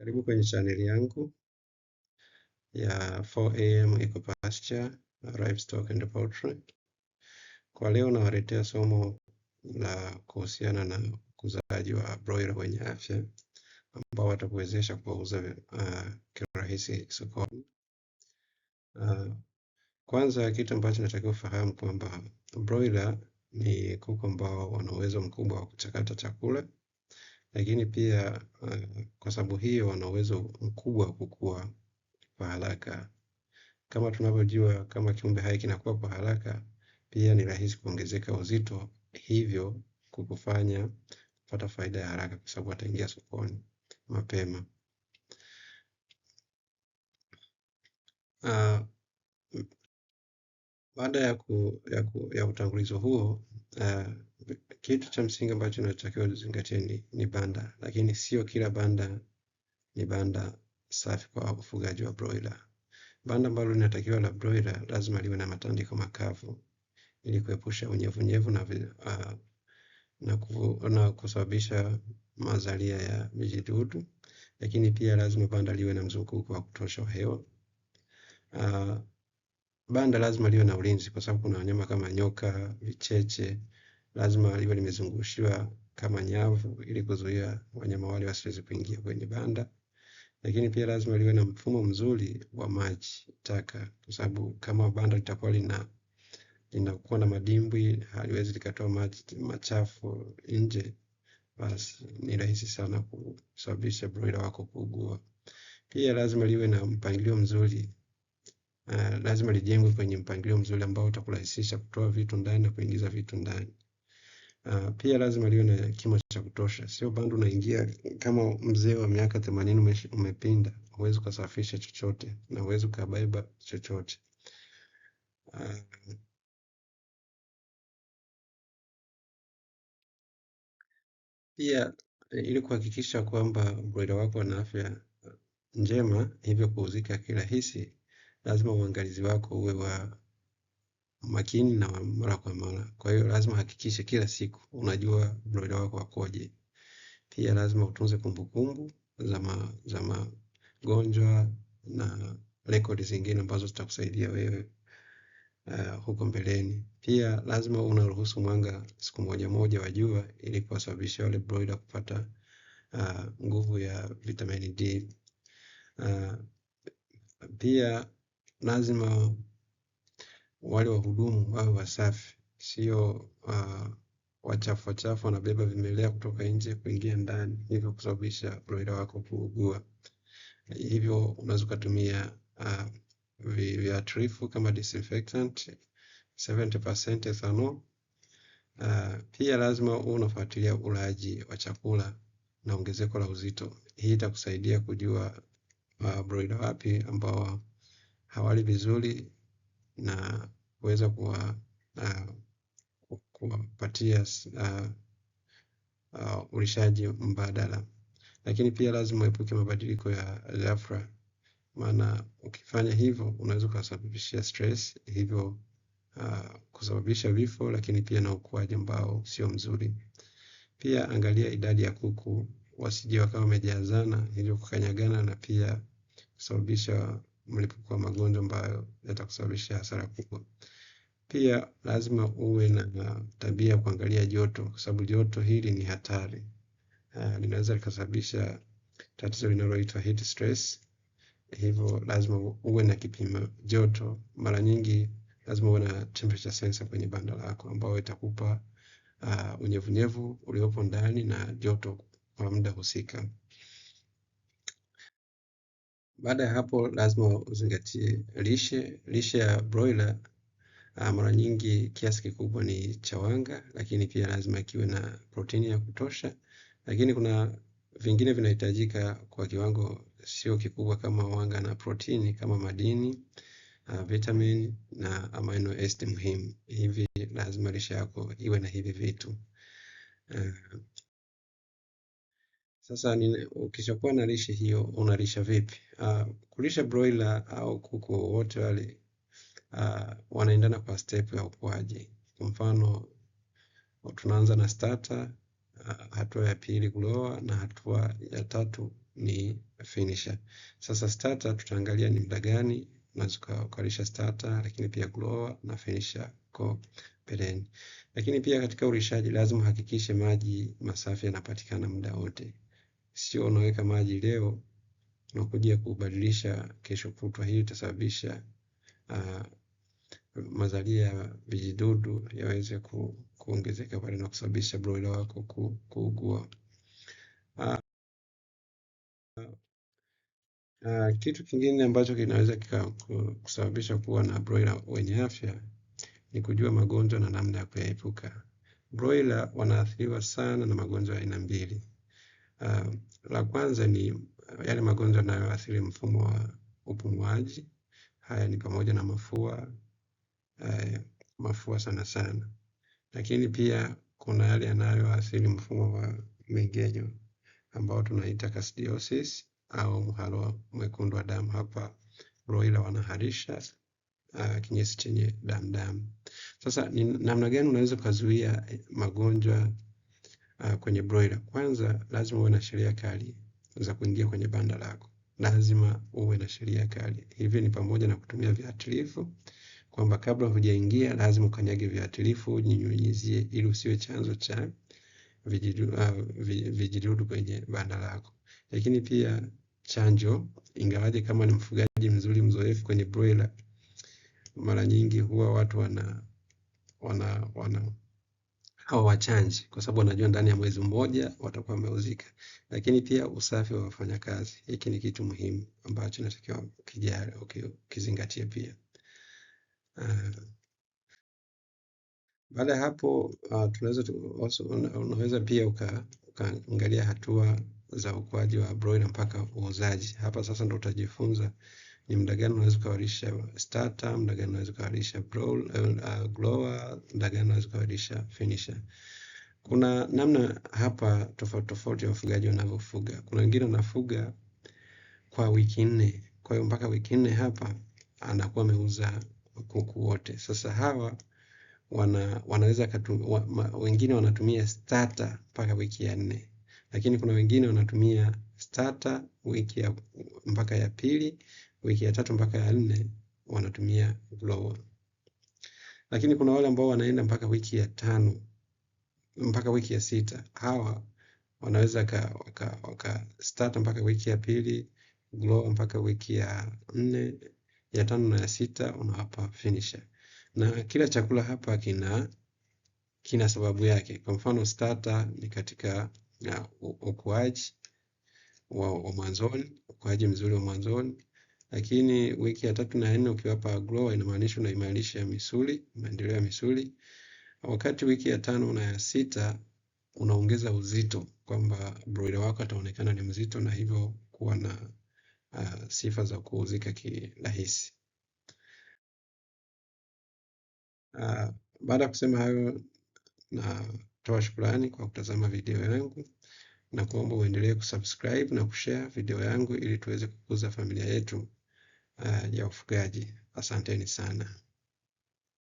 Karibu kwenye chaneli yangu ya 4AM Ecopasture Livestock and Poultry. Kwa leo nawaletea somo la kuhusiana na ukuzaji wa broiler wenye afya ambao watakuwezesha kuwauza uh, kirahisi sokoni. Uh, kwanza kitu ambacho natakiwa ufahamu kwamba broiler ni kuku ambao wana uwezo mkubwa wa kuchakata chakula lakini pia uh, kwa sababu hiyo wana uwezo mkubwa wa kukua kwa haraka. Kama tunavyojua, kama kiumbe hai kinakuwa kwa haraka, pia ni rahisi kuongezeka uzito, hivyo kukufanya kupata faida ya haraka, kwa sababu ataingia sokoni mapema. Uh, baada ya, ku, ya, ku, ya utangulizo huo uh, kitu cha msingi ambacho unatakiwa uzingatie ni, ni banda, lakini sio kila banda ni banda safi kwa ufugaji wa broiler. Banda ambalo linatakiwa la broiler lazima liwe na matandiko makavu ili kuepusha unyevunyevu na, uh, na, kufu, na kusababisha mazalia ya vijidudu, lakini pia lazima banda liwe na mzunguko wa kutosha hewa. Uh, banda lazima liwe na ulinzi, kwa sababu kuna wanyama kama nyoka, vicheche lazima liwe limezungushiwa kama nyavu ili kuzuia wanyama wale wasiweze kuingia kwenye banda, lakini pia lazima liwe na mfumo mzuri wa maji taka, kwa sababu kama banda litakuwa lina linakuwa na madimbwi, haliwezi likatoa maji machafu nje, basi ni rahisi sana kusababisha broila wako kuugua. Pia lazima liwe na mpangilio mzuri uh, lazima lijengwe kwenye mpangilio mzuri ambao utakurahisisha kutoa vitu ndani na kuingiza vitu ndani. Uh, pia lazima liwe na kima cha kutosha, sio bando unaingia kama mzee wa miaka themanini umepinda, huwezi ukasafisha chochote na huwezi ukabeba chochote. Uh, pia ili kuhakikisha kwamba broiler wako wana afya njema, hivyo kuuzika kirahisi, lazima uangalizi wako uwe wa makini na mara kwa mara. Kwa hiyo lazima hakikishe kila siku unajua broiler wako wakoje. Pia lazima utunze kumbukumbu za magonjwa na rekodi zingine ambazo zitakusaidia wewe eh, huko mbeleni. Pia lazima unaruhusu mwanga siku moja moja wa jua ili kuwasababisha wale broiler kupata eh, nguvu ya vitamini D. Eh, pia lazima wale wahudumu wawe wasafi, sio uh, ah, wachafu wachafu wanabeba vimelea kutoka nje kuingia ndani, hivyo kusababisha broila wako kuugua. Hivyo unaweza ukatumia uh, ah, viuatilifu kama disinfectant 70% ethanol. Uh, pia lazima uwe unafuatilia ulaji wa chakula na ongezeko la uzito. Hii itakusaidia kujua uh, broila wapi ambao hawali vizuri na kuweza kuwa uh, kuwapatia uh, ulishaji mbadala, lakini pia lazima uepuke mabadiliko ya ghafla, maana ukifanya hivyo unaweza ukasababishia stress, hivyo uh, kusababisha vifo, lakini pia na ukuaji ambao sio mzuri. Pia angalia idadi ya kuku wasije wakawa wamejazana, hivyo kukanyagana na pia kusababisha mlipuko wa magonjwa ambayo yatakusababishia hasara kubwa. Pia lazima uwe na tabia ya kuangalia joto, kwa sababu joto hili ni hatari, ah, linaweza likasababisha tatizo linaloitwa heat stress. Hivyo lazima uwe na kipima joto. Mara nyingi lazima uwe na temperature sensor kwenye banda lako, ambayo itakupa uh, unyevunyevu uliopo ndani na joto kwa muda husika. Baada ya hapo, lazima uzingatie lishe. Lishe ya broiler ah, mara nyingi kiasi kikubwa ni chawanga, lakini pia lazima ikiwe na protini ya kutosha, lakini kuna vingine vinahitajika kwa kiwango sio kikubwa kama wanga na protini kama madini, uh, vitamin na amino acid muhimu. Hivi lazima lishe yako iwe na hivi vitu uh, sasa ukishakuwa na lishe hiyo, unalisha vipi? Uh, kulisha broiler au kuku wote wale uh, wanaendana kwa step ya ukuaji. Kwa mfano tunaanza na starter, uh, hatua ya pili grower na hatua ya tatu ni finisher. Sasa starter tutaangalia ni muda gani unaweza kulisha starter, lakini pia grower na finisher ko pereni. Lakini pia katika ulishaji lazima uhakikishe maji masafi yanapatikana muda wote sio unaweka maji leo unakuja kubadilisha kesho kutwa. Hii itasababisha uh, mazalia ya vijidudu yaweze ku, kuongezeka pale na kusababisha broila wako ku, kuugua. Uh, uh, kitu kingine ambacho kinaweza kusababisha kuwa na broila wenye afya ni kujua magonjwa na namna ya kuyaepuka. Broila wanaathiriwa sana na magonjwa ya aina mbili. Uh, la kwanza ni uh, yale magonjwa yanayoathiri mfumo wa upumuaji. Haya ni pamoja na mafua, uh, mafua sana sana, lakini pia kuna yale yanayoathiri mfumo wa meng'enyo ambao tunaita castidiosis au mharo mwekundu wa damu. Hapa Roila wanaharisha uh, kinyesi chenye damu damu. Sasa ni namna gani unaweza ukazuia magonjwa kwenye broiler, kwanza lazima uwe na sheria kali za kuingia kwenye banda lako, lazima uwe na sheria kali. Hivi ni pamoja na kutumia viatilifu, kwamba kabla hujaingia lazima ukanyage viatilifu, ujinyunyizie, ili usiwe chanzo cha ah, vijidudu vijidu kwenye banda lako. Lakini pia chanjo, ingawaje kama ni mfugaji mzuri mzoefu kwenye broiler, mara nyingi huwa watu wana wana wana wachanji, kwa sababu wanajua ndani ya mwezi mmoja watakuwa wameuzika, lakini pia usafi wa wafanyakazi, hiki ni kitu muhimu ambacho inatakiwa kijali ukizingatia pia. Uh, baada ya hapo uh, tunaweza unaweza pia ukaangalia uka hatua za ukuaji wa broiler mpaka uuzaji. Hapa sasa ndo utajifunza ni muda gani unaweza ukawarisha starter, muda gani unaweza ukawarisha uh, grower, muda gani unaweza ukawarisha finisher. Kuna namna hapa tofauti tofauti ya ufugaji wanavyofuga. Kuna wengine wanafuga kwa wiki nne, kwa hiyo mpaka wiki nne hapa anakuwa ameuza kuku wote. Sasa hawa wana, wanaweza katu, wa, ma, wengine wanatumia starter mpaka wiki ya nne, lakini kuna wengine wanatumia starter wiki ya mpaka ya pili wiki ya tatu mpaka ya nne wanatumia blower, lakini kuna wale ambao wanaenda mpaka wiki ya tano mpaka wiki ya sita. Hawa wanaweza waka, ka start mpaka wiki ya pili blower mpaka wiki ya nne, ya tano na ya sita unawapa finisher, na kila chakula hapa kina kina sababu yake. Kwa mfano starter ni katika uh, ukuaji wa mwanzoni, ukuaji mzuri wa mwanzoni lakini wiki ya tatu na nne ukiwapa grower inamaanisha unaimarisha misuli, maendeleo ya misuli. Wakati wiki ya tano na ya sita unaongeza uzito, kwamba broiler wako ataonekana ni mzito na hivyo kuwa na uh, sifa za kuuzika kirahisi. Uh, baada ya kusema hayo, natoa shukrani kwa kutazama video yangu na kuomba uendelee kusubscribe na kushare video yangu ili tuweze kukuza familia yetu. Uh, ya ufugaji. Asanteni sana.